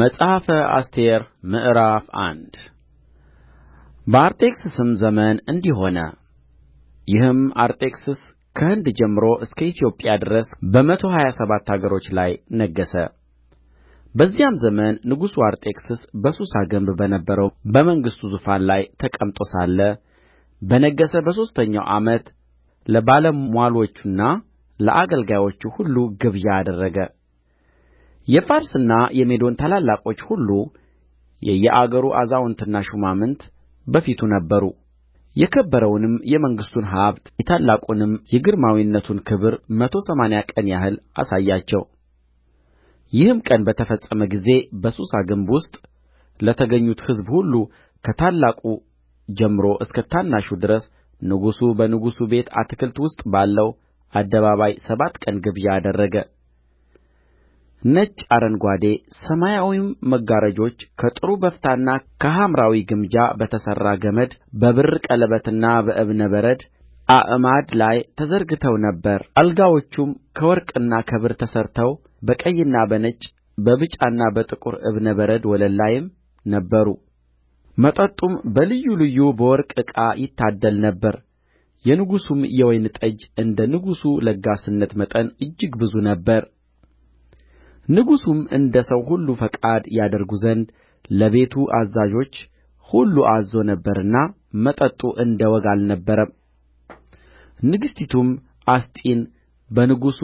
መጽሐፈ አስቴር ምዕራፍ አንድ በአርጤክስስም ዘመን እንዲህ ሆነ። ይህም አርጤክስስ ከህንድ ጀምሮ እስከ ኢትዮጵያ ድረስ በመቶ ሀያ ሰባት አገሮች ላይ ነገሠ። በዚያም ዘመን ንጉሡ አርጤክስስ በሱሳ ግንብ በነበረው በመንግሥቱ ዙፋን ላይ ተቀምጦ ሳለ በነገሠ በሦስተኛው ዓመት ለባለሟሎቹና ለአገልጋዮቹ ሁሉ ግብዣ አደረገ። የፋርስና የሜዶን ታላላቆች ሁሉ የየአገሩ አዛውንትና ሹማምት በፊቱ ነበሩ የከበረውንም የመንግሥቱን ሀብት የታላቁንም የግርማዊነቱን ክብር መቶ ሰማንያ ቀን ያህል አሳያቸው ይህም ቀን በተፈጸመ ጊዜ በሱሳ ግንብ ውስጥ ለተገኙት ሕዝብ ሁሉ ከታላቁ ጀምሮ እስከ ታናሹ ድረስ ንጉሡ በንጉሡ ቤት አትክልት ውስጥ ባለው አደባባይ ሰባት ቀን ግብዣ አደረገ ነጭ አረንጓዴ ሰማያዊም መጋረጆች ከጥሩ በፍታና ከሐምራዊ ግምጃ በተሠራ ገመድ በብር ቀለበትና በዕብነ በረድ አዕማድ ላይ ተዘርግተው ነበር አልጋዎቹም ከወርቅና ከብር ተሠርተው በቀይና በነጭ በብጫና በጥቁር ዕብነ በረድ ወለል ላይም ነበሩ መጠጡም በልዩ ልዩ በወርቅ ዕቃ ይታደል ነበር የንጉሡም የወይን ጠጅ እንደ ንጉሡ ለጋስነት መጠን እጅግ ብዙ ነበረ ንጉሡም እንደ ሰው ሁሉ ፈቃድ ያደርጉ ዘንድ ለቤቱ አዛዦች ሁሉ አዝዞ ነበርና መጠጡ እንደ ወግ አልነበረም ንግሥቲቱም አስጢን በንጉሡ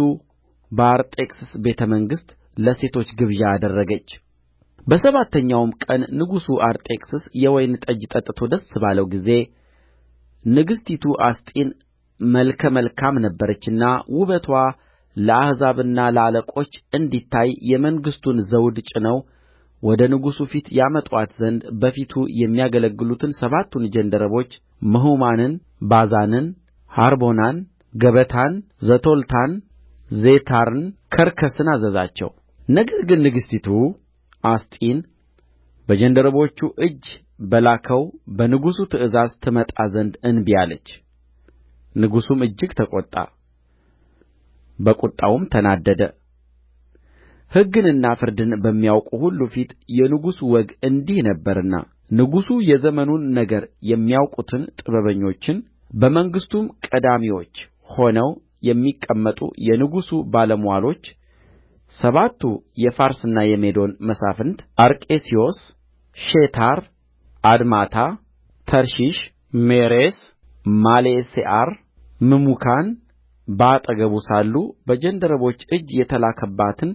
በአርጤክስስ ቤተ መንግሥት ለሴቶች ግብዣ አደረገች በሰባተኛውም ቀን ንጉሡ አርጤክስስ የወይን ጠጅ ጠጥቶ ደስ ባለው ጊዜ ንግሥቲቱ አስጢን መልከ መልካም ነበረችና ውበትዋ ለአሕዛብና ለአለቆች እንዲታይ የመንግሥቱን ዘውድ ጭነው ወደ ንጉሡ ፊት ያመጡአት ዘንድ በፊቱ የሚያገለግሉትን ሰባቱን ጃንደረቦች ምሁማንን ባዛንን ሐርቦናን ገበታን ዘቶልታን ዜታርን ከርከስን አዘዛቸው ነገር ግን ንግሥቲቱ አስጢን በጃንደረቦቹ እጅ በላከው በንጉሡ ትእዛዝ ትመጣ ዘንድ እንቢ አለች ንጉሡም እጅግ ተቈጣ በቍጣውም ተናደደ ሕግንና ፍርድን በሚያውቁ ሁሉ ፊት የንጉሡ ወግ እንዲህ ነበረና ንጉሡ የዘመኑን ነገር የሚያውቁትን ጥበበኞችን በመንግሥቱም ቀዳሚዎች ሆነው የሚቀመጡ የንጉሡ ባለምዋሎች ሰባቱ የፋርስና የሜዶን መሳፍንት አርቄስዮስ ሼታር አድማታ ተርሺሽ ሜሬስ ማሌሴዓር ምሙካን በአጠገቡ ሳሉ በጃንደረቦች እጅ የተላከባትን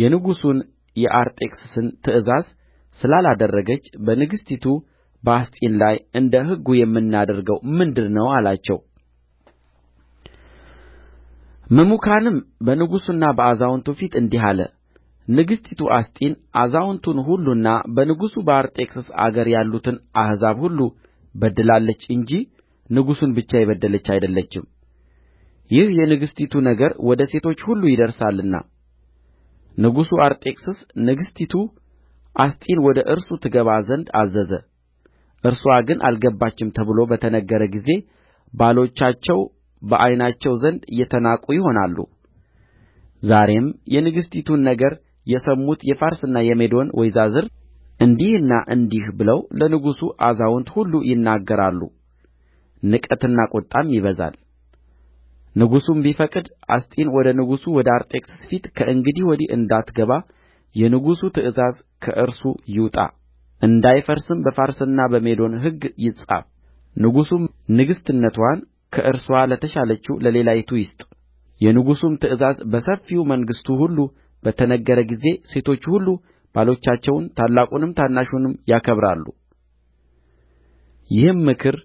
የንጉሡን የአርጤክስስን ትእዛዝ ስላላደረገች በንግሥቲቱ በአስጢን ላይ እንደ ሕጉ የምናደርገው ምንድር ነው አላቸው ምሙካንም በንጉሡና በአዛውንቱ ፊት እንዲህ አለ ንግሥቲቱ አስጢን አዛውንቱን ሁሉና በንጉሡ በአርጤክስስ አገር ያሉትን አሕዛብ ሁሉ በድላለች እንጂ ንጉሡን ብቻ የበደለች አይደለችም ይህ የንግሥቲቱ ነገር ወደ ሴቶች ሁሉ ይደርሳልና ንጉሡ አርጤክስስ ንግሥቲቱ አስጢን ወደ እርሱ ትገባ ዘንድ አዘዘ እርስዋ ግን አልገባችም ተብሎ በተነገረ ጊዜ ባሎቻቸው በዓይናቸው ዘንድ የተናቁ ይሆናሉ። ዛሬም የንግሥቲቱን ነገር የሰሙት የፋርስና የሜዶን ወይዛዝር እንዲህና እንዲህ ብለው ለንጉሡ አዛውንት ሁሉ ይናገራሉ። ንቀትና ቍጣም ይበዛል። ንጉሡም ቢፈቅድ አስጢን ወደ ንጉሡ ወደ አርጤክስስ ፊት ከእንግዲህ ወዲህ እንዳትገባ የንጉሡ ትእዛዝ ከእርሱ ይውጣ እንዳይፈርስም በፋርስና በሜዶን ሕግ ይጻፍ ንጉሡም ንግሥትነትዋን ከእርስዋ ለተሻለችው ለሌላይቱ ይስጥ የንጉሡም ትእዛዝ በሰፊው መንግሥቱ ሁሉ በተነገረ ጊዜ ሴቶቹ ሁሉ ባሎቻቸውን ታላቁንም ታናሹንም ያከብራሉ። ይህም ምክር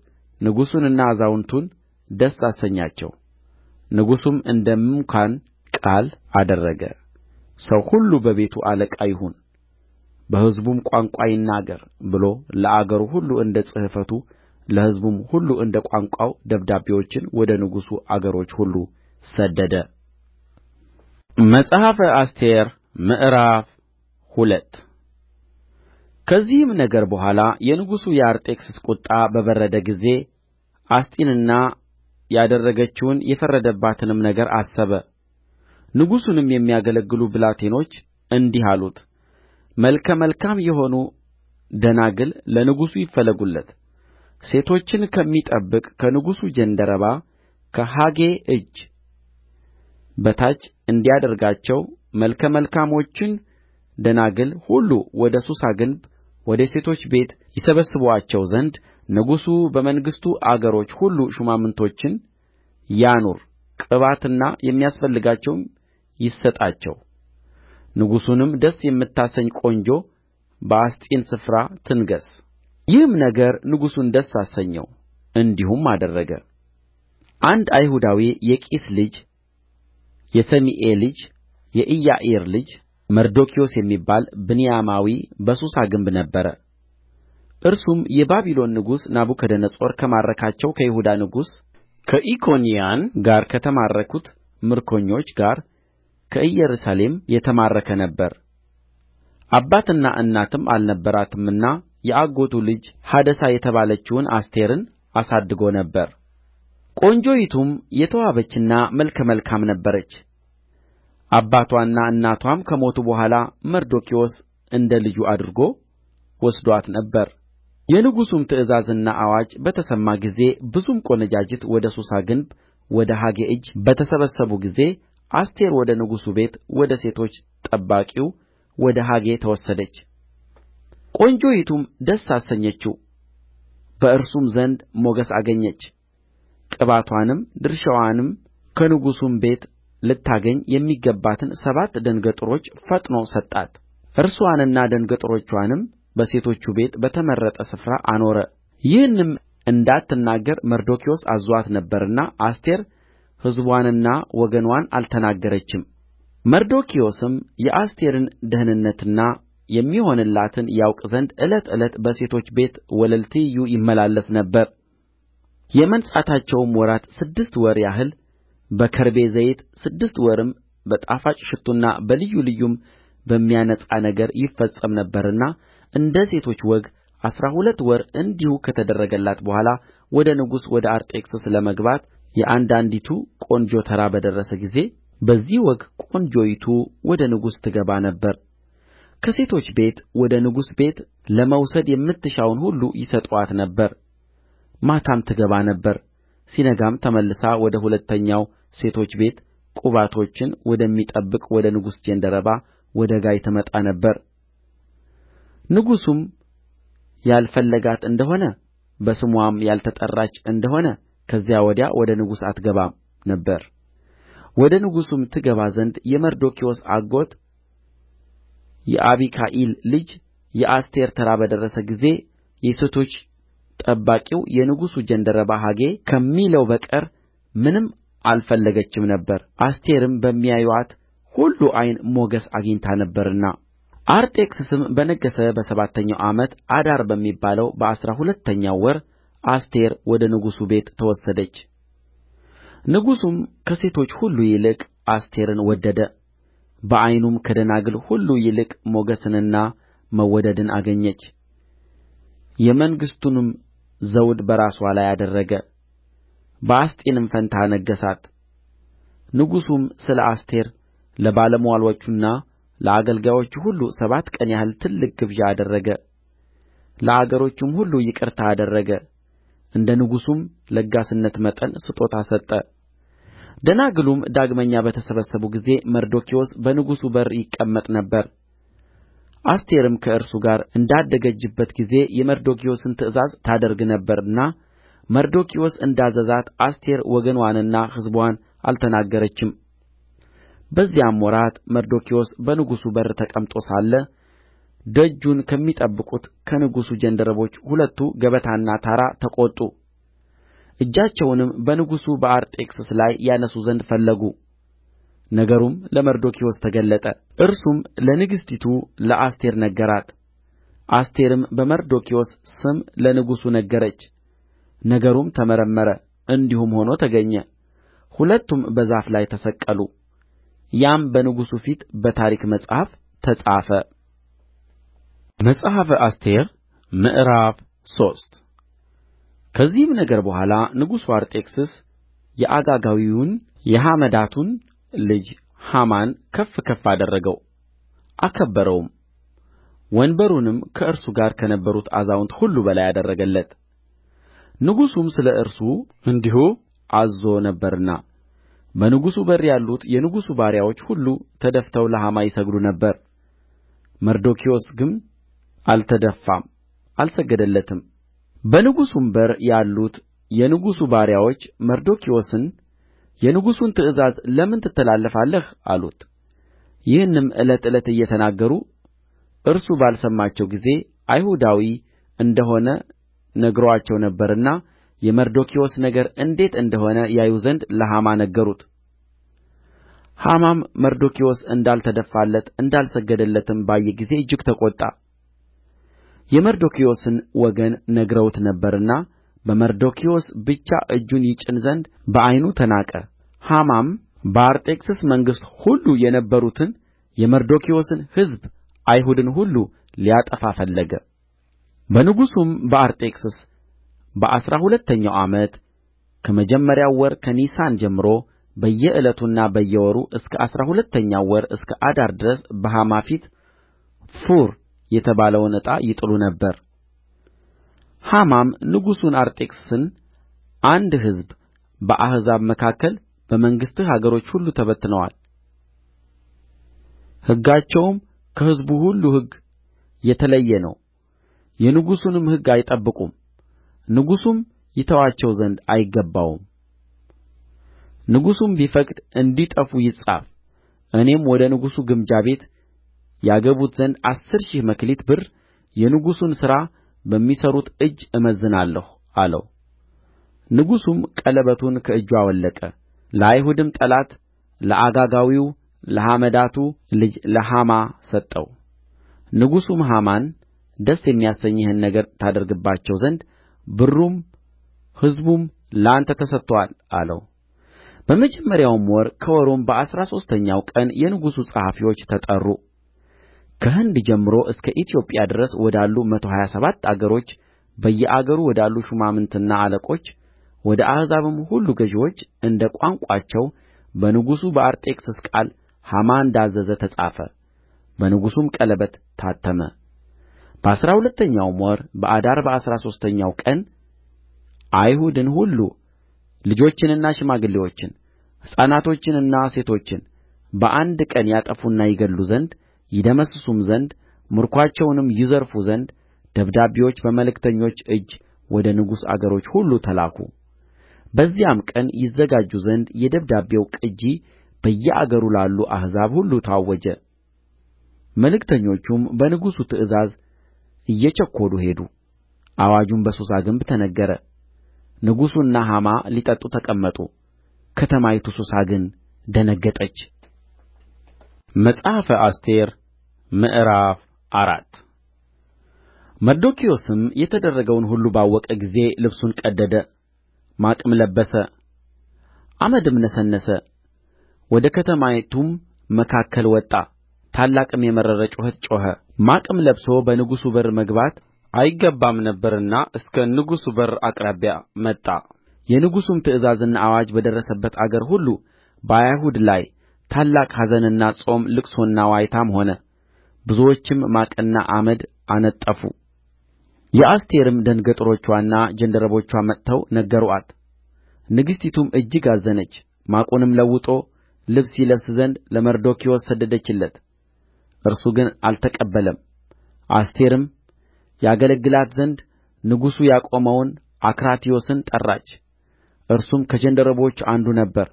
ንጉሡንና አዛውንቱን ደስ አሰኛቸው። ንጉሡም እንደ ምሙካን ቃል አደረገ ሰው ሁሉ በቤቱ አለቃ ይሁን በሕዝቡም ቋንቋ ይናገር ብሎ ለአገሩ ሁሉ እንደ ጽሕፈቱ ለሕዝቡም ሁሉ እንደ ቋንቋው ደብዳቤዎችን ወደ ንጉሡ አገሮች ሁሉ ሰደደ። መጽሐፈ አስቴር ምዕራፍ ሁለት ከዚህም ነገር በኋላ የንጉሡ የአርጤክስስ ቍጣ በበረደ ጊዜ አስጢንና ያደረገችውን የፈረደባትንም ነገር አሰበ ንጉሡንም የሚያገለግሉ ብላቴኖች እንዲህ አሉት መልከ መልካም የሆኑ ደናግል ለንጉሡ ይፈለጉለት ሴቶችን ከሚጠብቅ ከንጉሡ ጃንደረባ ከሄጌ እጅ በታች እንዲያደርጋቸው መልከ መልካሞችን ደናግል ሁሉ ወደ ሱሳ ግንብ ወደ ሴቶች ቤት ይሰበስቡአቸው ዘንድ ንጉሡ በመንግሥቱ አገሮች ሁሉ ሹማምቶችን ያኑር ቅባትና የሚያስፈልጋቸውም ይሰጣቸው ንጉሡንም ደስ የምታሰኝ ቆንጆ በአስጢን ስፍራ ትንገሥ ይህም ነገር ንጉሡን ደስ አሰኘው እንዲሁም አደረገ አንድ አይሁዳዊ የቂስ ልጅ የሰሜኢ ልጅ የኢያዕር ልጅ መርዶክዮስ የሚባል ብንያማዊ በሱሳ ግንብ ነበረ እርሱም የባቢሎን ንጉሥ ናቡከደነፆር ከማረካቸው ከይሁዳ ንጉሥ ከኢኮንያን ጋር ከተማረኩት ምርኮኞች ጋር ከኢየሩሳሌም የተማረከ ነበር። አባትና እናትም አልነበራትምና የአጎቱ ልጅ ሀደሳ የተባለችውን አስቴርን አሳድጎ ነበር። ቆንጆይቱም የተዋበችና መልከ መልካም ነበረች። አባቷና እናቷም ከሞቱ በኋላ መርዶክዮስ እንደ ልጁ አድርጎ ወስዶአት ነበር። የንጉሡም ትእዛዝና አዋጅ በተሰማ ጊዜ ብዙም ቈነጃጅት ወደ ሱሳ ግንብ ወደ ሄጌ እጅ በተሰበሰቡ ጊዜ አስቴር ወደ ንጉሡ ቤት ወደ ሴቶች ጠባቂው ወደ ሄጌ ተወሰደች ቆንጆይቱም ደስ አሰኘችው በእርሱም ዘንድ ሞገስ አገኘች ቅባትዋንም ድርሻዋንም ከንጉሡም ቤት ልታገኝ የሚገባትን ሰባት ደንገጥሮች ፈጥኖ ሰጣት እርስዋንና ደንገጥሮችዋንም በሴቶቹ ቤት በተመረጠ ስፍራ አኖረ ይህንም እንዳትናገር መርዶክዮስ አዝዞአት ነበርና አስቴር ሕዝብዋንና ወገንዋን አልተናገረችም መርዶክዮስም የአስቴርን ደኅንነትና የሚሆንላትን ያውቅ ዘንድ ዕለት ዕለት በሴቶች ቤት ወለል ትይዩ ይመላለስ ነበር የመንጻታቸውም ወራት ስድስት ወር ያህል በከርቤ ዘይት ስድስት ወርም በጣፋጭ ሽቱና በልዩ ልዩም በሚያነጻ ነገር ይፈጸም ነበርና እንደ ሴቶች ወግ አሥራ ሁለት ወር እንዲሁ ከተደረገላት በኋላ ወደ ንጉሡ ወደ አርጤክስስ ለመግባት የአንዳንዲቱ ቆንጆ ተራ በደረሰ ጊዜ በዚህ ወግ ቆንጆይቱ ወደ ንጉሡ ትገባ ነበር ከሴቶች ቤት ወደ ንጉሥ ቤት ለመውሰድ የምትሻውን ሁሉ ይሰጡአት ነበር ማታም ትገባ ነበር ሲነጋም ተመልሳ ወደ ሁለተኛው ሴቶች ቤት ቁባቶችን ወደሚጠብቅ ወደ ንጉሡ ጃንደረባ ወደ ጋይ ትመጣ ነበር ንጉሡም ያልፈለጋት እንደ ሆነ በስምዋም ያልተጠራች እንደ ሆነ ከዚያ ወዲያ ወደ ንጉሡ አትገባም ነበር ወደ ንጉሡም ትገባ ዘንድ የመርዶክዮስ አጎት የአቢካኢል ልጅ የአስቴር ተራ በደረሰ ጊዜ የሴቶች ጠባቂው የንጉሡ ጃንደረባ ሄጌ ከሚለው በቀር ምንም አልፈለገችም ነበር አስቴርም በሚያዩአት ሁሉ ዓይን ሞገስ አግኝታ ነበርና አርጤክስስም በነገሠ በሰባተኛው ዓመት አዳር በሚባለው በአሥራ ሁለተኛው ወር አስቴር ወደ ንጉሡ ቤት ተወሰደች ንጉሡም ከሴቶች ሁሉ ይልቅ አስቴርን ወደደ በዓይኑም ከደናግል ሁሉ ይልቅ ሞገስንና መወደድን አገኘች የመንግሥቱንም ዘውድ በራስዋ ላይ አደረገ በአስጢንም ፋንታ አነገሣት ንጉሡም ስለ አስቴር ለባለምዋሎቹና ለአገልጋዮቹ ሁሉ ሰባት ቀን ያህል ትልቅ ግብዣ አደረገ ለአገሮቹም ሁሉ ይቅርታ አደረገ እንደ ንጉሡም ለጋስነት መጠን ስጦታ ሰጠ ደናግሉም ዳግመኛ በተሰበሰቡ ጊዜ መርዶክዮስ በንጉሡ በር ይቀመጥ ነበር አስቴርም ከእርሱ ጋር እንዳደገችበት ጊዜ የመርዶክዮስን ትእዛዝ ታደርግ ነበርና መርዶክዮስ እንዳዘዛት አስቴር ወገንዋንና ሕዝብዋን አልተናገረችም በዚያም ወራት መርዶክዮስ በንጉሡ በር ተቀምጦ ሳለ ደጁን ከሚጠብቁት ከንጉሡ ጃንደረቦች ሁለቱ ገበታና ታራ ተቈጡ እጃቸውንም በንጉሡ በአርጤክስስ ላይ ያነሡ ዘንድ ፈለጉ ነገሩም ለመርዶክዮስ ተገለጠ እርሱም ለንግሥቲቱ ለአስቴር ነገራት አስቴርም በመርዶክዮስ ስም ለንጉሡ ነገረች ነገሩም ተመረመረ እንዲሁም ሆኖ ተገኘ ሁለቱም በዛፍ ላይ ተሰቀሉ ያም በንጉሡ ፊት በታሪክ መጽሐፍ ተጻፈ መጽሐፈ አስቴር ምዕራፍ ሶስት ከዚህም ነገር በኋላ ንጉሡ አርጤክስስ የአጋጋዊውን የሐመዳቱን ልጅ ሐማን ከፍ ከፍ አደረገው አከበረውም ወንበሩንም ከእርሱ ጋር ከነበሩት አዛውንት ሁሉ በላይ አደረገለት ንጉሡም ስለ እርሱ እንዲሁ አዝዞ ነበርና በንጉሡ በር ያሉት የንጉሡ ባሪያዎች ሁሉ ተደፍተው ለሐማ ይሰግዱ ነበር መርዶክዮስ ግን አልተደፋም አልሰገደለትም በንጉሡም በር ያሉት የንጉሡ ባሪያዎች መርዶክዮስን የንጉሡን ትእዛዝ ለምን ትተላለፋለህ አሉት ይህንም ዕለት ዕለት እየተናገሩ እርሱ ባልሰማቸው ጊዜ አይሁዳዊ እንደሆነ ነግሮአቸው ነበርና የመርዶክዮስ ነገር እንዴት እንደ ሆነ ያዩ ዘንድ ለሐማ ነገሩት ሐማም መርዶክዮስ እንዳልተደፋለት እንዳልሰገደለትም ባየ ጊዜ እጅግ ተቈጣ የመርዶክዮስን ወገን ነግረውት ነበርና በመርዶክዮስ ብቻ እጁን ይጭን ዘንድ በዓይኑ ተናቀ ሐማም በአርጤክስስ መንግሥት ሁሉ የነበሩትን የመርዶክዮስን ሕዝብ አይሁድን ሁሉ ሊያጠፋ ፈለገ በንጉሡም በአርጤክስስ በአሥራ ሁለተኛው ዓመት ከመጀመሪያው ወር ከኒሳን ጀምሮ በየዕለቱና በየወሩ እስከ አሥራ ሁለተኛው ወር እስከ አዳር ድረስ በሐማ ፊት ፉር የተባለውን ዕጣ ይጥሉ ነበር ሐማም ንጉሡን አርጤክስስን አንድ ሕዝብ በአሕዛብ መካከል በመንግሥትህ አገሮች ሁሉ ተበትነዋል ሕጋቸውም ከሕዝቡ ሁሉ ሕግ የተለየ ነው የንጉሡንም ሕግ አይጠብቁም ንጉሡም ይተዋቸው ዘንድ አይገባውም ንጉሡም ቢፈቅድ እንዲጠፉ ይጻፍ እኔም ወደ ንጉሡ ግምጃ ቤት ያገቡት ዘንድ አሥር ሺህ መክሊት ብር የንጉሡን ሥራ በሚሠሩት እጅ እመዝናለሁ አለው ንጉሡም ቀለበቱን ከእጁ አወለቀ ለአይሁድም ጠላት ለአጋጋዊው ለሐመዳቱ ልጅ ለሐማ ሰጠው ንጉሡም ሐማን ደስ የሚያሰኝህን ነገር ታደርግባቸው ዘንድ ብሩም ሕዝቡም ለአንተ ተሰጥቶሃል አለው በመጀመሪያውም ወር ከወሩም በአሥራ ሦስተኛው ቀን የንጉሡ ጸሐፊዎች ተጠሩ ከህንድ ጀምሮ እስከ ኢትዮጵያ ድረስ ወዳሉ መቶ ሀያ ሰባት አገሮች በየአገሩ ወዳሉ ሹማምትና አለቆች ወደ አሕዛብም ሁሉ ገዢዎች እንደ ቋንቋቸው በንጉሡ በአርጤክስስ ቃል ሐማ እንዳዘዘ ተጻፈ በንጉሡም ቀለበት ታተመ በአሥራ ሁለተኛውም ወር በአዳር በአሥራ ሦስተኛው ቀን አይሁድን ሁሉ ልጆችንና ሽማግሌዎችን ሕፃናቶችንና ሴቶችን በአንድ ቀን ያጠፉና ይገድሉ ዘንድ ይደመስሱም ዘንድ ምርኮአቸውንም ይዘርፉ ዘንድ ደብዳቤዎች በመልእክተኞች እጅ ወደ ንጉሥ አገሮች ሁሉ ተላኩ። በዚያም ቀን ይዘጋጁ ዘንድ የደብዳቤው ቅጂ በየአገሩ ላሉ አሕዛብ ሁሉ ታወጀ። መልእክተኞቹም በንጉሡ ትእዛዝ እየቸኰሉ ሄዱ አዋጁም በሱሳ ግንብ ተነገረ ንጉሡና ሐማ ሊጠጡ ተቀመጡ ከተማይቱ ሱሳ ግን ደነገጠች መጽሐፈ አስቴር ምዕራፍ አራት መርዶክዮስም የተደረገውን ሁሉ ባወቀ ጊዜ ልብሱን ቀደደ ማቅም ለበሰ አመድም ነሰነሰ ወደ ከተማይቱም መካከል ወጣ ታላቅም የመረረ ጩኸት ጮኸ ማቅም ለብሶ በንጉሡ በር መግባት አይገባም ነበርና እስከ ንጉሡ በር አቅራቢያ መጣ የንጉሡም ትእዛዝና አዋጅ በደረሰበት አገር ሁሉ በአይሁድ ላይ ታላቅ ኀዘንና ጾም ልቅሶና ዋይታም ሆነ ብዙዎችም ማቅና አመድ አነጠፉ የአስቴርም ደንገጥሮቿና ጀንደረቦቿ መጥተው ነገሩአት ንግሥቲቱም እጅግ አዘነች ማቁንም ለውጦ ልብስ ይለብስ ዘንድ ለመርዶክዮስ ሰደደችለት እርሱ ግን አልተቀበለም አስቴርም ያገለግላት ዘንድ ንጉሡ ያቆመውን አክራትዮስን ጠራች እርሱም ከጃንደረቦች አንዱ ነበረ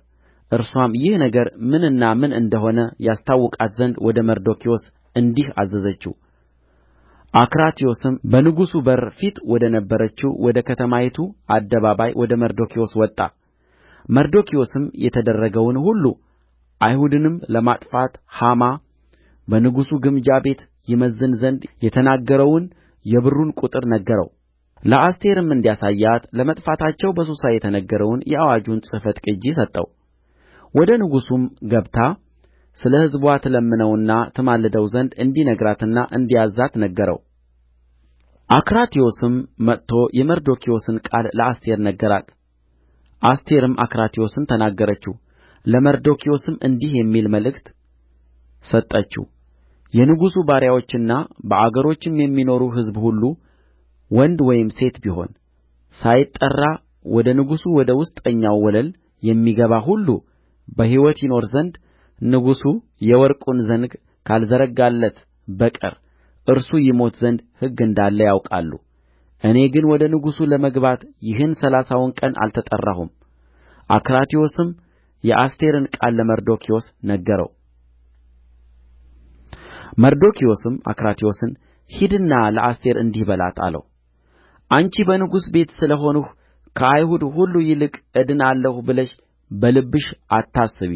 እርስዋም ይህ ነገር ምንና ምን እንደ ሆነ ያስታውቃት ዘንድ ወደ መርዶክዮስ እንዲህ አዘዘችው አክራትዮስም በንጉሡ በር ፊት ወደ ነበረችው ወደ ከተማይቱ አደባባይ ወደ መርዶክዮስ ወጣ መርዶክዮስም የተደረገውን ሁሉ አይሁድንም ለማጥፋት ሐማ በንጉሡ ግምጃ ቤት ይመዝን ዘንድ የተናገረውን የብሩን ቍጥር ነገረው ለአስቴርም እንዲያሳያት ለመጥፋታቸው በሱሳ የተነገረውን የአዋጁን ጽሕፈት ቅጅ ሰጠው ወደ ንጉሡም ገብታ ስለ ሕዝቧ ትለምነውና ትማልደው ዘንድ እንዲነግራትና እንዲያዝዛት ነገረው አክራትዮስም መጥቶ የመርዶክዮስን ቃል ለአስቴር ነገራት አስቴርም አክራትዮስን ተናገረችው ለመርዶክዮስም እንዲህ የሚል መልእክት ሰጠችው የንጉሡ ባሪያዎችና በአገሮችም የሚኖሩ ሕዝብ ሁሉ ወንድ ወይም ሴት ቢሆን ሳይጠራ ወደ ንጉሡ ወደ ውስጠኛው ወለል የሚገባ ሁሉ በሕይወት ይኖር ዘንድ ንጉሡ የወርቁን ዘንግ ካልዘረጋለት በቀር እርሱ ይሞት ዘንድ ሕግ እንዳለ ያውቃሉ። እኔ ግን ወደ ንጉሡ ለመግባት ይህን ሠላሳውን ቀን አልተጠራሁም። አክራትዮስም የአስቴርን ቃል ለመርዶክዮስ ነገረው መርዶክዮስም አክራትዮስን ሂድና ለአስቴር እንዲህ በላት አለው አንቺ በንጉሥ ቤት ስለ ሆንሁ ከአይሁድ ሁሉ ይልቅ እድናለሁ ብለሽ በልብሽ አታስቢ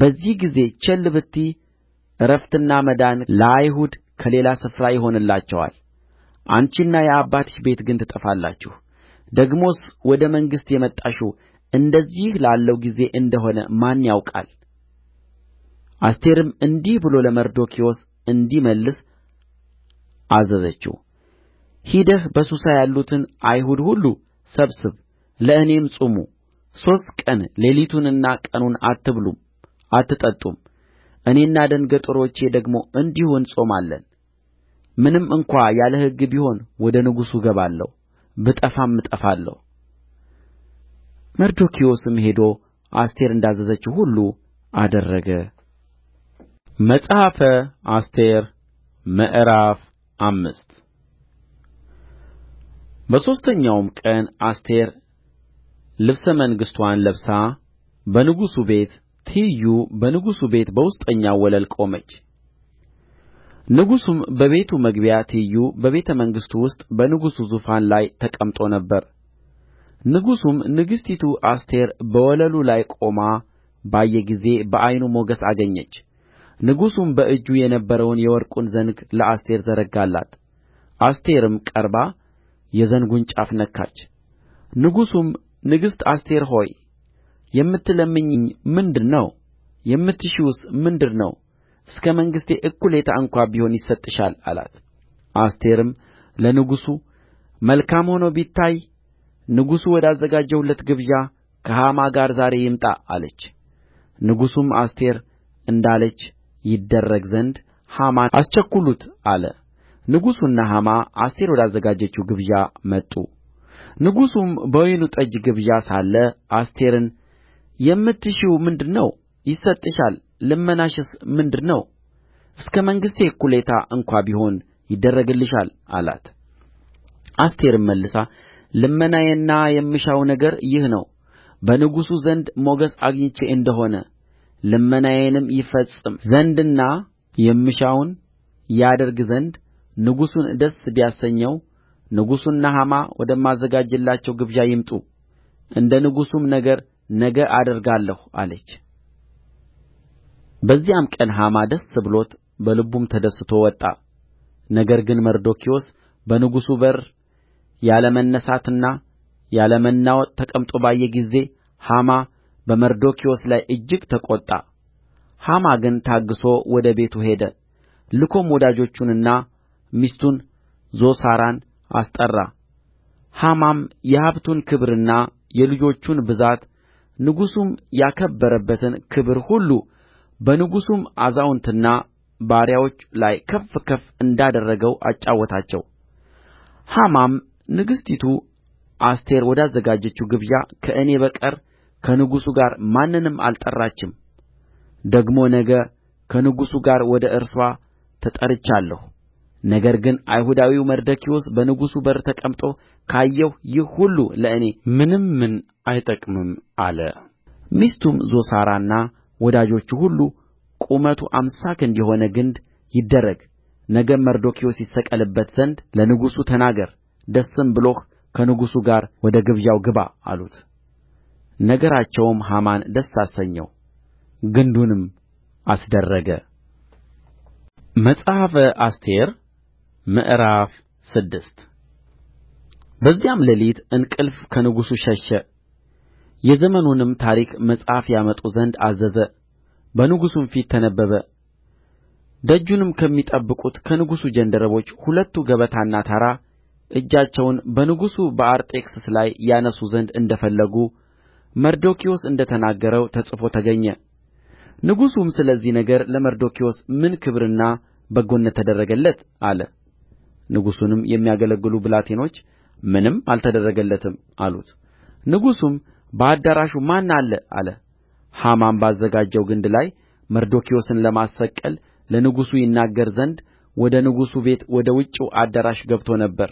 በዚህ ጊዜ ቸል ብትዪ ዕረፍትና መዳን ለአይሁድ ከሌላ ስፍራ ይሆንላቸዋል አንቺና የአባትሽ ቤት ግን ትጠፋላችሁ ደግሞስ ወደ መንግሥት የመጣሽው እንደዚህ ላለው ጊዜ እንደሆነ ማን ያውቃል አስቴርም እንዲህ ብሎ ለመርዶክዮስ እንዲመልስ አዘዘችው ሂደህ በሱሳ ያሉትን አይሁድ ሁሉ ሰብስብ ለእኔም ጹሙ ሦስት ቀን ሌሊቱንና ቀኑን አትብሉም አትጠጡም እኔና ደንገጥሮቼ ደግሞ እንዲሁ እንጾማለን ምንም እንኳ ያለ ሕግ ቢሆን ወደ ንጉሡ እገባለሁ ብጠፋም እጠፋለሁ መርዶክዮስም ሄዶ አስቴር እንዳዘዘችው ሁሉ አደረገ መጽሐፈ አስቴር ምዕራፍ አምስት በሦስተኛውም ቀን አስቴር ልብሰ መንግሥትዋን ለብሳ በንጉሡ ቤት ትይዩ በንጉሡ ቤት በውስጠኛው ወለል ቆመች። ንጉሡም በቤቱ መግቢያ ትይዩ በቤተ መንግሥቱ ውስጥ በንጉሡ ዙፋን ላይ ተቀምጦ ነበር። ንጉሡም ንግሥቲቱ አስቴር በወለሉ ላይ ቆማ ባየ ጊዜ በዓይኑ ሞገስ አገኘች። ንጉሡም በእጁ የነበረውን የወርቁን ዘንግ ለአስቴር ዘረጋላት አስቴርም ቀርባ የዘንጉን ጫፍ ነካች ንጉሡም ንግሥት አስቴር ሆይ የምትለምኚኝ ምንድር ነው የምትሺውስ ምንድር ነው እስከ መንግሥቴ እኵሌታ እንኳ ቢሆን ይሰጥሻል አላት አስቴርም ለንጉሡ መልካም ሆኖ ቢታይ ንጉሡ ወዳዘጋጀሁለት ግብዣ ከሐማ ጋር ዛሬ ይምጣ አለች ንጉሡም አስቴር እንዳለች ይደረግ ዘንድ ሐማን አስቸኵሉት አለ ንጉሡና ሐማ አስቴር ወዳዘጋጀችው ግብዣ መጡ ንጉሡም በወይኑ ጠጅ ግብዣ ሳለ አስቴርን የምትሺው ምንድር ነው ይሰጥሻል ልመናሽስ ምንድር ነው እስከ መንግሥቴ እኵሌታ እንኳ ቢሆን ይደረግልሻል አላት አስቴርም መልሳ ልመናዬና የምሻው ነገር ይህ ነው በንጉሡ ዘንድ ሞገስ አግኝቼ እንደሆነ ልመናዬንም ይፈጽም ዘንድና የምሻውን ያደርግ ዘንድ ንጉሡን ደስ ቢያሰኘው ንጉሡና ሐማ ወደማዘጋጅላቸው ግብዣ ይምጡ እንደ ንጉሡም ነገር ነገ አደርጋለሁ አለች በዚያም ቀን ሐማ ደስ ብሎት በልቡም ተደስቶ ወጣ ነገር ግን መርዶክዮስ በንጉሡ በር ያለ መነሣትና ያለ መናወጥ ተቀምጦ ባየ ጊዜ ሐማ በመርዶክዮስ ላይ እጅግ ተቈጣ ሐማ ግን ታግሦ ወደ ቤቱ ሄደ ልኮም ወዳጆቹንና ሚስቱን ዞሳራን አስጠራ ሐማም የሀብቱን ክብርና የልጆቹን ብዛት ንጉሡም ያከበረበትን ክብር ሁሉ በንጉሡም አዛውንትና ባሪያዎች ላይ ከፍ ከፍ እንዳደረገው አጫወታቸው። ሐማም ንግሥቲቱ አስቴር ወዳዘጋጀችው ግብዣ ከእኔ በቀር ከንጉሡ ጋር ማንንም አልጠራችም ደግሞ ነገ ከንጉሡ ጋር ወደ እርስዋ ተጠርቻለሁ ነገር ግን አይሁዳዊው መርዶክዮስ በንጉሡ በር ተቀምጦ ካየሁ ይህ ሁሉ ለእኔ ምንም ምን አይጠቅምም አለ ሚስቱም ዞሳራና ወዳጆቹ ሁሉ ቁመቱ አምሳ ክንድ የሆነ ግንድ ይደረግ ነገም መርዶክዮስ ይሰቀልበት ዘንድ ለንጉሡ ተናገር ደስም ብሎህ ከንጉሡ ጋር ወደ ግብዣው ግባ አሉት ነገራቸውም ሐማን ደስ አሰኘው ግንዱንም አስደረገ መጽሐፈ አስቴር ምዕራፍ ስድስት በዚያም ሌሊት እንቅልፍ ከንጉሡ ሸሸ። የዘመኑንም ታሪክ መጽሐፍ ያመጡ ዘንድ አዘዘ፣ በንጉሡም ፊት ተነበበ። ደጁንም ከሚጠብቁት ከንጉሡ ጀንደረቦች ሁለቱ ገበታና ታራ እጃቸውን በንጉሡ በአርጤክስስ ላይ ያነሱ ዘንድ እንደ ፈለጉ መርዶክዮስ እንደ ተናገረው ተጽፎ ተገኘ ንጉሡም ስለዚህ ነገር ለመርዶክዮስ ምን ክብርና በጎነት ተደረገለት አለ ንጉሡንም የሚያገለግሉ ብላቴኖች ምንም አልተደረገለትም አሉት ንጉሡም በአዳራሹ ማን አለ አለ ሐማም ባዘጋጀው ግንድ ላይ መርዶክዮስን ለማሰቀል ለንጉሡ ይናገር ዘንድ ወደ ንጉሡ ቤት ወደ ውጭው አዳራሽ ገብቶ ነበር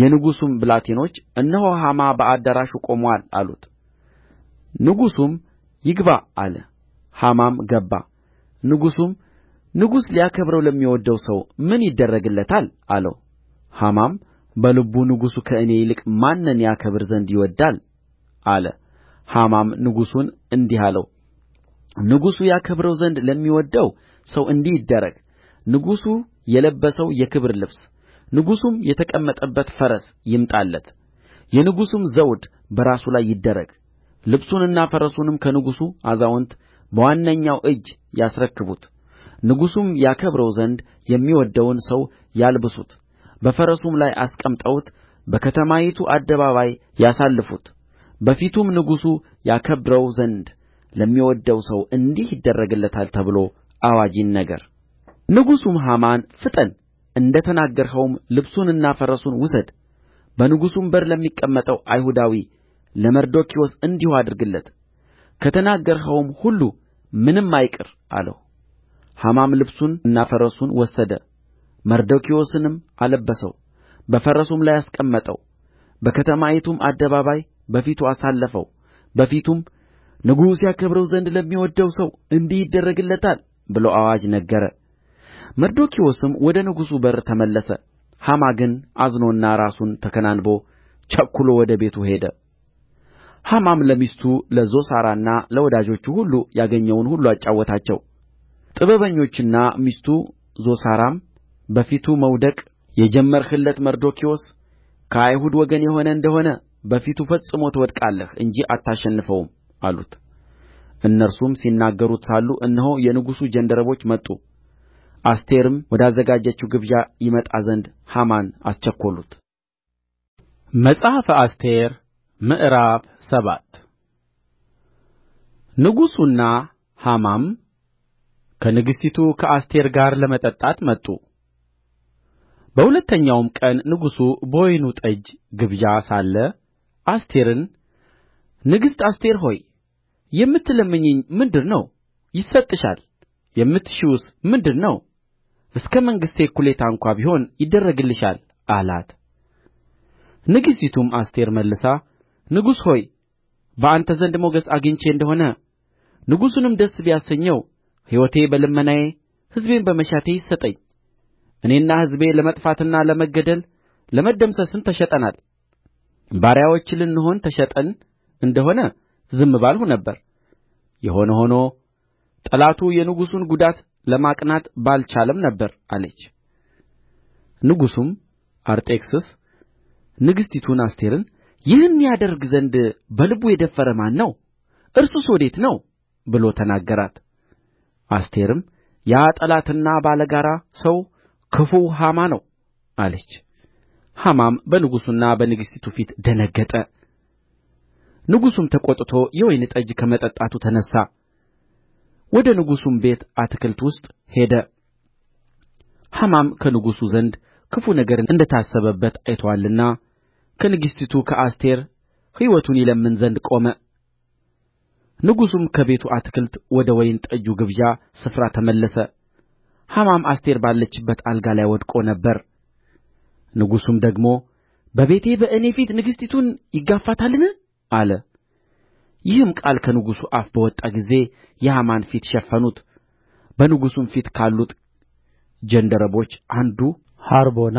የንጉሡም ብላቴኖች እነሆ ሐማ በአዳራሹ ቆሞአል አሉት ንጉሡም ይግባ አለ ሐማም ገባ ንጉሡም ንጉሡ ሊያከብረው ለሚወድደው ሰው ምን ይደረግለታል አለው ሐማም በልቡ ንጉሡ ከእኔ ይልቅ ማንን ያከብር ዘንድ ይወድዳል አለ ሐማም ንጉሡን እንዲህ አለው ንጉሡ ያከብረው ዘንድ ለሚወድደው ሰው እንዲህ ይደረግ ንጉሡ የለበሰው የክብር ልብስ ንጉሡም የተቀመጠበት ፈረስ ይምጣለት የንጉሡም ዘውድ በራሱ ላይ ይደረግ ልብሱንና ፈረሱንም ከንጉሡ አዛውንት በዋነኛው እጅ ያስረክቡት ንጉሡም ያከብረው ዘንድ የሚወድደውን ሰው ያልብሱት በፈረሱም ላይ አስቀምጠውት በከተማይቱ አደባባይ ያሳልፉት በፊቱም ንጉሡ ያከብረው ዘንድ ለሚወድደው ሰው እንዲህ ይደረግለታል ተብሎ አዋጅ ይነገር ንጉሡም ሐማን ፍጠን እንደ ተናገርኸውም ልብሱንና ፈረሱን ውሰድ በንጉሡም በር ለሚቀመጠው አይሁዳዊ ለመርዶክዮስ እንዲሁ አድርግለት ከተናገርኸውም ሁሉ ምንም አይቅር አለው ሐማም ልብሱንና ፈረሱን ወሰደ መርዶክዮስንም አለበሰው በፈረሱም ላይ አስቀመጠው በከተማይቱም አደባባይ በፊቱ አሳለፈው በፊቱም ንጉሡ ያከብረው ዘንድ ለሚወድደው ሰው እንዲህ ይደረግለታል ብሎ አዋጅ ነገረ መርዶክዮስም ወደ ንጉሡ በር ተመለሰ ሐማ ግን አዝኖና ራሱን ተከናንቦ ቸኵሎ ወደ ቤቱ ሄደ ሐማም ለሚስቱ ለዞሳራና ለወዳጆቹ ሁሉ ያገኘውን ሁሉ አጫወታቸው ጥበበኞችና ሚስቱ ዞሳራም በፊቱ መውደቅ የጀመርህለት መርዶክዮስ ከአይሁድ ወገን የሆነ እንደሆነ በፊቱ ፈጽሞ ትወድቃለህ እንጂ አታሸንፈውም አሉት እነርሱም ሲናገሩት ሳሉ እነሆ የንጉሡ ጃንደረቦች መጡ አስቴርም ወዳዘጋጀችው ግብዣ ይመጣ ዘንድ ሐማን አስቸኰሉት መጽሐፈ አስቴር ምዕራፍ ሰባት ንጉሡና ሐማም ከንግሥቲቱ ከአስቴር ጋር ለመጠጣት መጡ። በሁለተኛውም ቀን ንጉሡ በወይኑ ጠጅ ግብዣ ሳለ አስቴርን ንግሥት አስቴር ሆይ የምትለምኚኝ ምንድር ነው? ይሰጥሻል። የምትሺውስ ምንድር ነው እስከ መንግሥቴ እኵሌታ እንኳ ቢሆን ይደረግልሻል አላት ንግሥቲቱም አስቴር መልሳ ንጉሥ ሆይ በአንተ ዘንድ ሞገስ አግኝቼ እንደ ሆነ ንጉሡንም ደስ ቢያሰኘው ሕይወቴ በልመናዬ ሕዝቤም በመሻቴ ይሰጠኝ እኔና ሕዝቤ ለመጥፋትና ለመገደል ለመደምሰስም ተሸጠናል ባሪያዎች ልንሆን ተሸጠን እንደሆነ ዝም ባልሁ ነበር የሆነ ሆኖ ጠላቱ የንጉሡን ጉዳት ለማቅናት ባልቻለም ነበር አለች ንጉሡም አርጤክስስ ንግሥቲቱን አስቴርን ይህን ያደርግ ዘንድ በልቡ የደፈረ ማን ነው እርሱስ ወዴት ነው ብሎ ተናገራት አስቴርም ያ ጠላትና ባለጋራ ሰው ክፉው ሐማ ነው አለች ሐማም በንጉሡና በንግሥቲቱ ፊት ደነገጠ ንጉሡም ተቈጥቶ የወይን ጠጅ ከመጠጣቱ ተነሣ ወደ ንጉሡም ቤት አትክልት ውስጥ ሄደ ሐማም ከንጉሡ ዘንድ ክፉ ነገር እንደ ታሰበበት አይቶአልና ከንግሥቲቱ ከአስቴር ሕይወቱን ይለምን ዘንድ ቆመ ንጉሡም ከቤቱ አትክልት ወደ ወይን ጠጁ ግብዣ ስፍራ ተመለሰ ሐማም አስቴር ባለችበት አልጋ ላይ ወድቆ ነበር ንጉሡም ደግሞ በቤቴ በእኔ ፊት ንግሥቲቱን ይጋፋታልን አለ ይህም ቃል ከንጉሡ አፍ በወጣ ጊዜ የሐማን ፊት ሸፈኑት በንጉሡም ፊት ካሉት ጃንደረቦች አንዱ ሐርቦና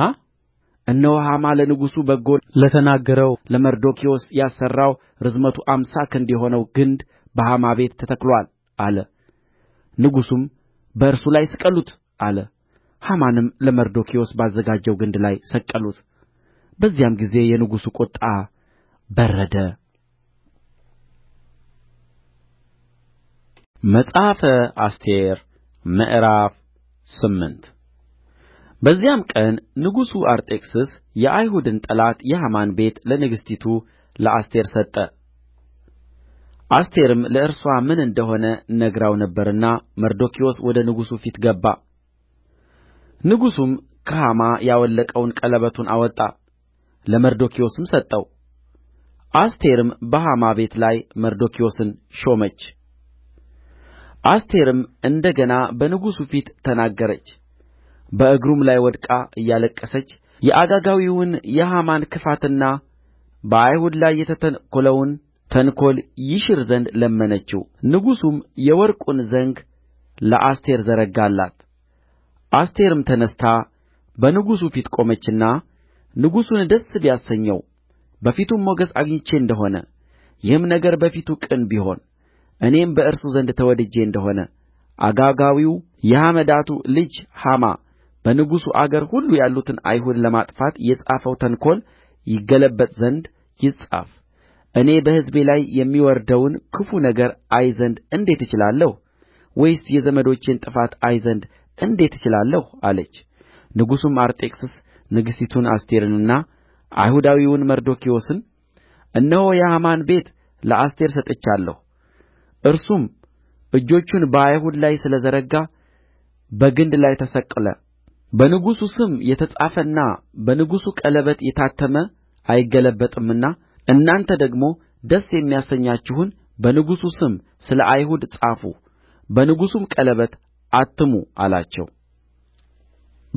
እነሆ ሐማ ለንጉሡ በጎ ለተናገረው ለመርዶክዮስ ያሠራው ርዝመቱ አምሳ ክንድ የሆነው ግንድ በሐማ ቤት ተተክሎአል አለ ንጉሡም በእርሱ ላይ ስቀሉት አለ ሐማንም ለመርዶክዮስ ባዘጋጀው ግንድ ላይ ሰቀሉት በዚያም ጊዜ የንጉሡ ቍጣ በረደ መጽሐፈ አስቴር ምዕራፍ ስምንት በዚያም ቀን ንጉሡ አርጤክስስ የአይሁድን ጠላት የሐማን ቤት ለንግሥቲቱ ለአስቴር ሰጠ። አስቴርም ለእርሷ ምን እንደሆነ ነግራው ነበርና መርዶክዮስ ወደ ንጉሡ ፊት ገባ። ንጉሡም ከሐማ ያወለቀውን ቀለበቱን አወጣ፣ ለመርዶክዮስም ሰጠው። አስቴርም በሐማ ቤት ላይ መርዶክዮስን ሾመች። አስቴርም እንደ ገና በንጉሡ ፊት ተናገረች በእግሩም ላይ ወድቃ እያለቀሰች የአጋጋዊውን የሐማን ክፋትና በአይሁድ ላይ የተተነኰለውን ተንኰል ይሽር ዘንድ ለመነችው ንጉሡም የወርቁን ዘንግ ለአስቴር ዘረጋላት አስቴርም ተነሥታ በንጉሡ ፊት ቆመችና ንጉሡን ደስ ቢያሰኘው በፊቱም ሞገስ አግኝቼ እንደ ሆነ ይህም ነገር በፊቱ ቅን ቢሆን እኔም በእርሱ ዘንድ ተወድጄ እንደ ሆነ አጋጋዊው የሐመዳቱ ልጅ ሐማ በንጉሡ አገር ሁሉ ያሉትን አይሁድ ለማጥፋት የጻፈው ተንኰል ይገለበጥ ዘንድ ይጻፍ እኔ በሕዝቤ ላይ የሚወርደውን ክፉ ነገር አይ ዘንድ እንዴት እችላለሁ ወይስ የዘመዶቼን ጥፋት አይ ዘንድ እንዴት እችላለሁ አለች ንጉሡም አርጤክስስ ንግሥቲቱን አስቴርንና አይሁዳዊውን መርዶክዮስን እነሆ የሐማን ቤት ለአስቴር ሰጥቻለሁ እርሱም እጆቹን በአይሁድ ላይ ስለ ዘረጋ በግንድ ላይ ተሰቀለ በንጉሡ ስም የተጻፈና በንጉሡ ቀለበት የታተመ አይገለበጥምና እናንተ ደግሞ ደስ የሚያሰኛችሁን በንጉሡ ስም ስለ አይሁድ ጻፉ በንጉሡም ቀለበት አትሙ አላቸው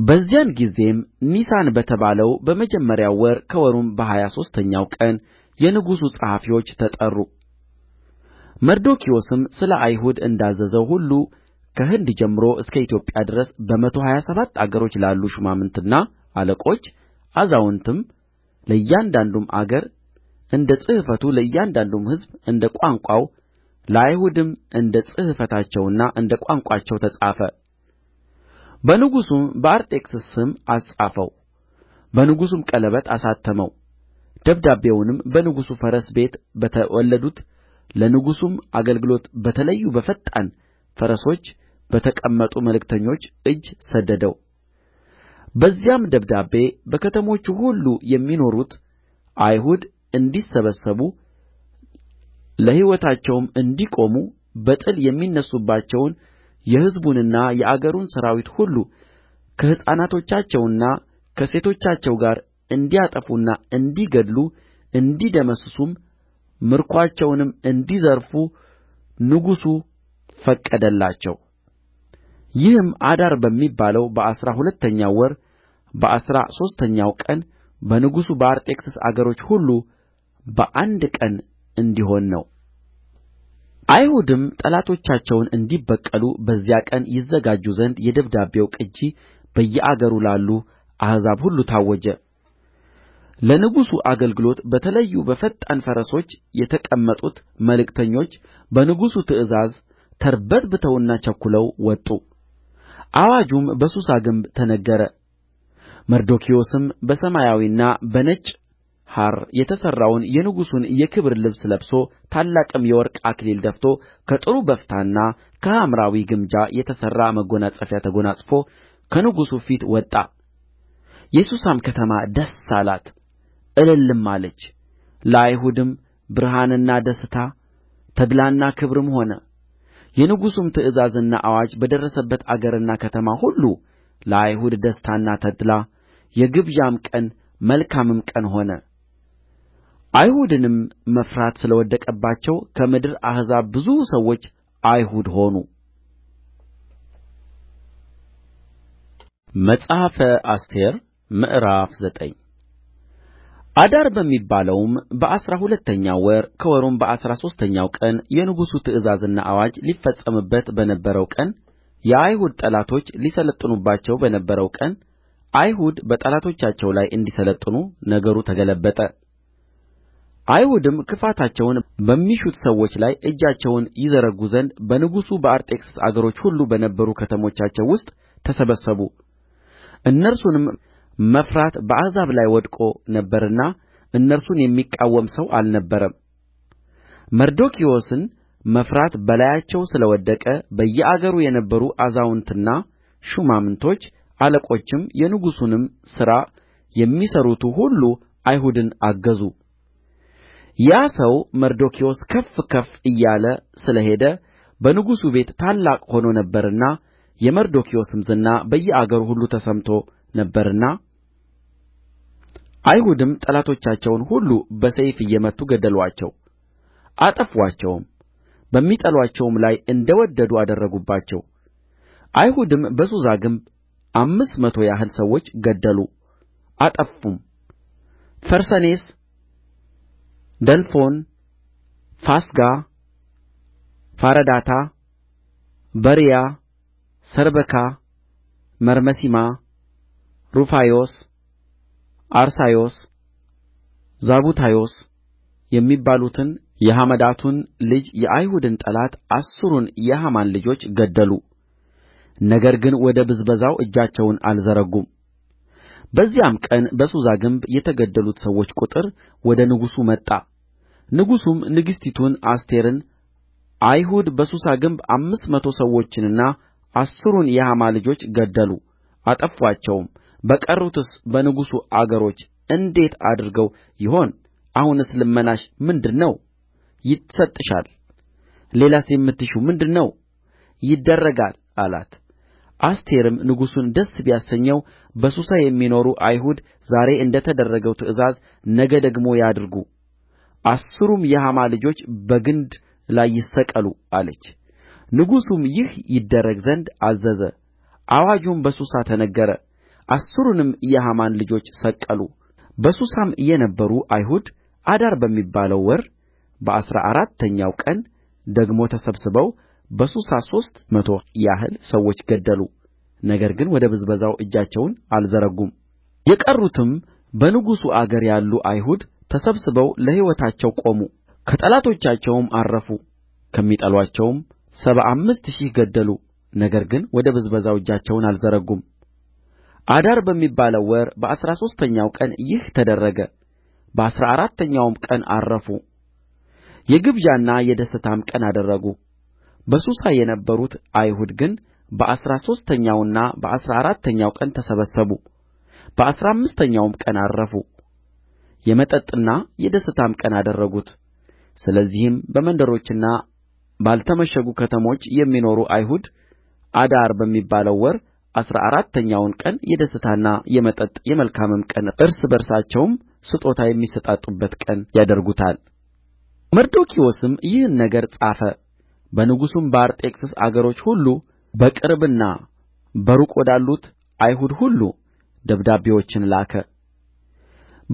በዚያን ጊዜም ኒሳን በተባለው በመጀመሪያው ወር ከወሩም በሀያ ሦስተኛው ቀን የንጉሡ ጸሐፊዎች ተጠሩ መርዶክዮስም ስለ አይሁድ እንዳዘዘው ሁሉ ከህንድ ጀምሮ እስከ ኢትዮጵያ ድረስ በመቶ ሀያ ሰባት አገሮች ላሉ ሹማምትና አለቆች አዛውንትም ለእያንዳንዱም አገር እንደ ጽሕፈቱ ለእያንዳንዱም ሕዝብ እንደ ቋንቋው ለአይሁድም እንደ ጽሕፈታቸውና እንደ ቋንቋቸው ተጻፈ። በንጉሡም በአርጤክስስ ስም አስጻፈው፣ በንጉሡም ቀለበት አሳተመው። ደብዳቤውንም በንጉሡ ፈረስ ቤት በተወለዱት ለንጉሡም አገልግሎት በተለዩ በፈጣን ፈረሶች በተቀመጡ መልእክተኞች እጅ ሰደደው በዚያም ደብዳቤ በከተሞቹ ሁሉ የሚኖሩት አይሁድ እንዲሰበሰቡ ለሕይወታቸውም እንዲቆሙ በጥል የሚነሡባቸውን የሕዝቡንና የአገሩን ሠራዊት ሁሉ ከሕፃናቶቻቸውና ከሴቶቻቸው ጋር እንዲያጠፉና እንዲገድሉ እንዲደመስሱም ምርኮአቸውንም እንዲዘርፉ ንጉሡ ፈቀደላቸው ይህም አዳር በሚባለው በአሥራ ሁለተኛው ወር በአሥራ ሦስተኛው ቀን በንጉሡ በአርጤክስስ አገሮች ሁሉ በአንድ ቀን እንዲሆን ነው አይሁድም ጠላቶቻቸውን እንዲበቀሉ በዚያ ቀን ይዘጋጁ ዘንድ የደብዳቤው ቅጅ በየአገሩ ላሉ አሕዛብ ሁሉ ታወጀ ለንጉሡ አገልግሎት በተለዩ በፈጣን ፈረሶች የተቀመጡት መልእክተኞች በንጉሡ ትእዛዝ ተርበትብተውና ቸኵለው ወጡ አዋጁም በሱሳ ግንብ ተነገረ መርዶክዮስም በሰማያዊና በነጭ ሐር የተሠራውን የንጉሡን የክብር ልብስ ለብሶ ታላቅም የወርቅ አክሊል ደፍቶ ከጥሩ በፍታና ከሐምራዊ ግምጃ የተሠራ መጐናጸፊያ ተጐናጽፎ ከንጉሡ ፊት ወጣ የሱሳም ከተማ ደስ አላት እልልም አለች ለአይሁድም ብርሃንና ደስታ ተድላና ክብርም ሆነ የንጉሡም ትእዛዝና አዋጅ በደረሰበት አገርና ከተማ ሁሉ ለአይሁድ ደስታና ተድላ የግብዣም ቀን መልካምም ቀን ሆነ አይሁድንም መፍራት ስለ ወደቀባቸው ከምድር አሕዛብ ብዙ ሰዎች አይሁድ ሆኑ መጽሐፈ አስቴር ምዕራፍ ዘጠኝ አዳር በሚባለውም በአሥራ ሁለተኛው ወር ከወሩም በአሥራ ሦስተኛው ቀን የንጉሡ ትእዛዝና አዋጅ ሊፈጸምበት በነበረው ቀን የአይሁድ ጠላቶች ሊሠለጥኑባቸው በነበረው ቀን አይሁድ በጠላቶቻቸው ላይ እንዲሠለጥኑ ነገሩ ተገለበጠ። አይሁድም ክፋታቸውን በሚሹት ሰዎች ላይ እጃቸውን ይዘረጉ ዘንድ በንጉሡ በአርጤክስስ አገሮች ሁሉ በነበሩ ከተሞቻቸው ውስጥ ተሰበሰቡ እነርሱንም መፍራት በአሕዛብ ላይ ወድቆ ነበርና እነርሱን የሚቃወም ሰው አልነበረም መርዶክዮስን መፍራት በላያቸው ስለ ወደቀ በየአገሩ የነበሩ አዛውንትና ሹማምቶች አለቆችም የንጉሡንም ሥራ የሚሠሩቱ ሁሉ አይሁድን አገዙ። ያ ሰው መርዶክዮስ ከፍ ከፍ እያለ ስለ ሄደ በንጉሡ ቤት ታላቅ ሆኖ ነበርና የመርዶክዮስም ዝና በየአገሩ ሁሉ ተሰምቶ ነበርና አይሁድም ጠላቶቻቸውን ሁሉ በሰይፍ እየመቱ ገደሉአቸው አጠፉአቸውም በሚጠሉአቸውም ላይ እንደ ወደዱ አደረጉባቸው አይሁድም በሱሳ ግንብ አምስት መቶ ያህል ሰዎች ገደሉ አጠፉም ፈርሰኔስ ደልፎን ፋስጋ ፋረዳታ በርያ ሰርበካ መርመሲማ ሩፋዮስ አርሳዮስ ዛቡታዮስ የሚባሉትን የሐመዳቱን ልጅ የአይሁድን ጠላት አሥሩን የሐማን ልጆች ገደሉ ነገር ግን ወደ ብዝበዛው እጃቸውን አልዘረጉም በዚያም ቀን በሱሳ ግንብ የተገደሉት ሰዎች ቍጥር ወደ ንጉሡ መጣ ንጉሡም ንግሥቲቱን አስቴርን አይሁድ በሱሳ ግንብ አምስት መቶ ሰዎችንና አሥሩን የሐማ ልጆች ገደሉ አጠፉአቸውም በቀሩትስ በንጉሡ አገሮች እንዴት አድርገው ይሆን አሁንስ ልመናሽ ምንድር ነው ይሰጥሻል ሌላስ የምትሺው ምንድር ነው ይደረጋል አላት አስቴርም ንጉሡን ደስ ቢያሰኘው በሱሳ የሚኖሩ አይሁድ ዛሬ እንደ ተደረገው ትእዛዝ ነገ ደግሞ ያድርጉ አሥሩም የሐማ ልጆች በግንድ ላይ ይሰቀሉ አለች ንጉሡም ይህ ይደረግ ዘንድ አዘዘ አዋጁም በሱሳ ተነገረ አሥሩንም የሐማን ልጆች ሰቀሉ በሱሳም የነበሩ አይሁድ አዳር በሚባለው ወር በአሥራ አራተኛው ቀን ደግሞ ተሰብስበው በሱሳ ሦስት መቶ ያህል ሰዎች ገደሉ ነገር ግን ወደ ብዝበዛው እጃቸውን አልዘረጉም የቀሩትም በንጉሡ አገር ያሉ አይሁድ ተሰብስበው ለሕይወታቸው ቆሙ ከጠላቶቻቸውም ዐረፉ ከሚጠሉአቸውም ሰባ አምስት ሺህ ገደሉ ነገር ግን ወደ ብዝበዛው እጃቸውን አልዘረጉም አዳር በሚባለው ወር በአሥራ ሦስተኛው ቀን ይህ ተደረገ በአሥራ አራተኛውም ቀን ዐረፉ የግብዣና የደስታም ቀን አደረጉ በሱሳ የነበሩት አይሁድ ግን በአሥራ ሦስተኛውና በአሥራ አራተኛው ቀን ተሰበሰቡ በአሥራ አምስተኛውም ቀን ዐረፉ የመጠጥና የደስታም ቀን አደረጉት ስለዚህም በመንደሮችና ባልተመሸጉ ከተሞች የሚኖሩ አይሁድ አዳር በሚባለው ወር አሥራ አራተኛውን ቀን የደስታና የመጠጥ የመልካምም ቀን እርስ በርሳቸውም ስጦታ የሚሰጣጡበት ቀን ያደርጉታል መርዶክዮስም ይህን ነገር ጻፈ በንጉሡም በአርጤክስስ አገሮች ሁሉ በቅርብና በሩቅ ወዳሉት አይሁድ ሁሉ ደብዳቤዎችን ላከ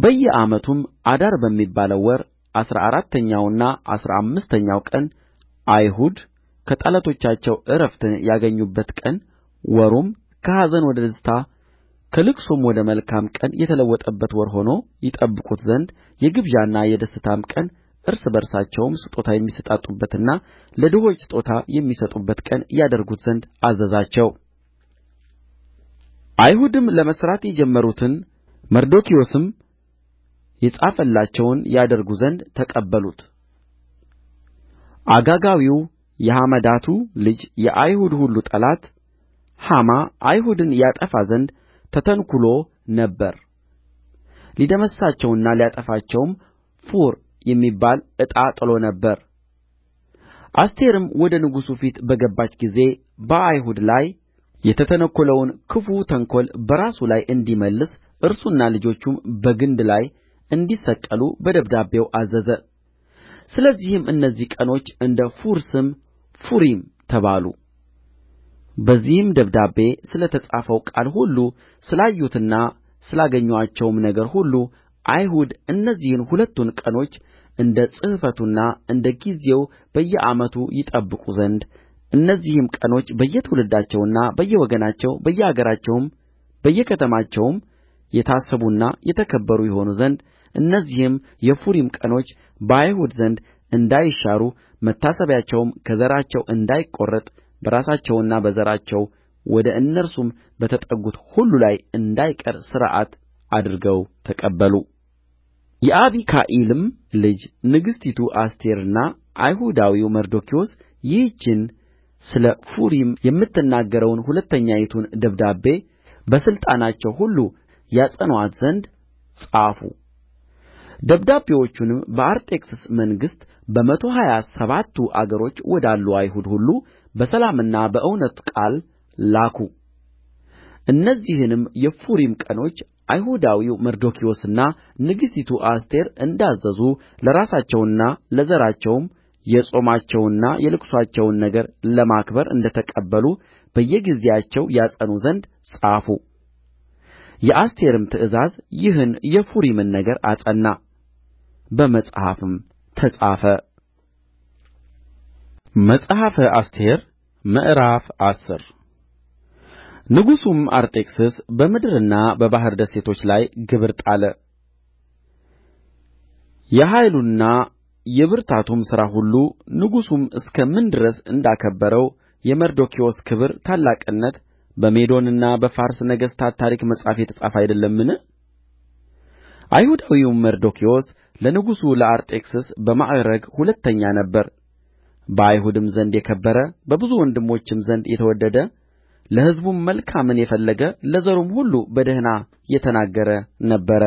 በየዓመቱም አዳር በሚባለው ወር አሥራ አራተኛውና አሥራ አምስተኛው ቀን አይሁድ ከጠላቶቻቸው ዕረፍትን ያገኙበት ቀን ወሩም ከኀዘን ወደ ደስታ ከልቅሶም ወደ መልካም ቀን የተለወጠበት ወር ሆኖ ይጠብቁት ዘንድ የግብዣና የደስታም ቀን እርስ በርሳቸውም ስጦታ የሚሰጣጡበትና ለድሆች ስጦታ የሚሰጡበት ቀን ያደርጉት ዘንድ አዘዛቸው አይሁድም ለመሥራት የጀመሩትን መርዶክዮስም የጻፈላቸውን ያደርጉ ዘንድ ተቀበሉት አጋጋዊው የሐመዳቱ ልጅ የአይሁድ ሁሉ ጠላት ሐማ አይሁድን ያጠፋ ዘንድ ተተንኵሎ ነበር ሊደመስሳቸውና ሊያጠፋቸውም ፉር የሚባል ዕጣ ጥሎ ነበር አስቴርም ወደ ንጉሡ ፊት በገባች ጊዜ በአይሁድ ላይ የተተነኰለውን ክፉ ተንኰል በራሱ ላይ እንዲመልስ እርሱና ልጆቹም በግንድ ላይ እንዲሰቀሉ በደብዳቤው አዘዘ ስለዚህም እነዚህ ቀኖች እንደ ፉር ስም ፉሪም ተባሉ በዚህም ደብዳቤ ስለ ተጻፈው ቃል ሁሉ ስላዩትና ስላገኙአቸውም ነገር ሁሉ አይሁድ እነዚህን ሁለቱን ቀኖች እንደ ጽሕፈቱና እንደ ጊዜው በየዓመቱ ይጠብቁ ዘንድ እነዚህም ቀኖች በየትውልዳቸውና በየወገናቸው በየአገራቸውም በየከተማቸውም የታሰቡና የተከበሩ ይሆኑ ዘንድ እነዚህም የፉሪም ቀኖች በአይሁድ ዘንድ እንዳይሻሩ መታሰቢያቸውም ከዘራቸው እንዳይቈረጥ በራሳቸውና በዘራቸው ወደ እነርሱም በተጠጉት ሁሉ ላይ እንዳይቀር ሥርዓት አድርገው ተቀበሉ የአቢካኢልም ልጅ ንግሥቲቱ አስቴርና አይሁዳዊው መርዶክዮስ ይህችን ስለ ፉሪም የምትናገረውን ሁለተኛይቱን ደብዳቤ በሥልጣናቸው ሁሉ ያጸኑአት ዘንድ ጻፉ ደብዳቤዎቹንም በአርጤክስስ መንግሥት በመቶ ሀያ ሰባቱ አገሮች ወዳሉ አይሁድ ሁሉ በሰላምና በእውነት ቃል ላኩ እነዚህንም የፉሪም ቀኖች አይሁዳዊው መርዶክዮስና ንግሥቲቱ አስቴር እንዳዘዙ ለራሳቸውና ለዘራቸውም የጾማቸውንና የልቅሶአቸውን ነገር ለማክበር እንደ ተቀበሉ በየጊዜያቸው ያጸኑ ዘንድ ጻፉ። የአስቴርም ትእዛዝ ይህን የፉሪምን ነገር አጸና፣ በመጽሐፍም ተጻፈ። መጽሐፈ አስቴር ምዕራፍ አስር ንጉሡም አርጤክስስ በምድርና በባሕር ደሴቶች ላይ ግብር ጣለ። የኃይሉና የብርታቱም ሥራ ሁሉ ንጉሡም እስከ ምን ድረስ እንዳከበረው የመርዶክዮስ ክብር ታላቅነት በሜዶንና በፋርስ ነገሥታት ታሪክ መጽሐፍ የተጻፈ አይደለምን? አይሁዳዊውም መርዶክዮስ ለንጉሡ ለአርጤክስስ በማዕርግ ሁለተኛ ነበር። በአይሁድም ዘንድ የከበረ በብዙ ወንድሞችም ዘንድ የተወደደ ለሕዝቡም መልካምን የፈለገ ለዘሩም ሁሉ በደኅና የተናገረ ነበረ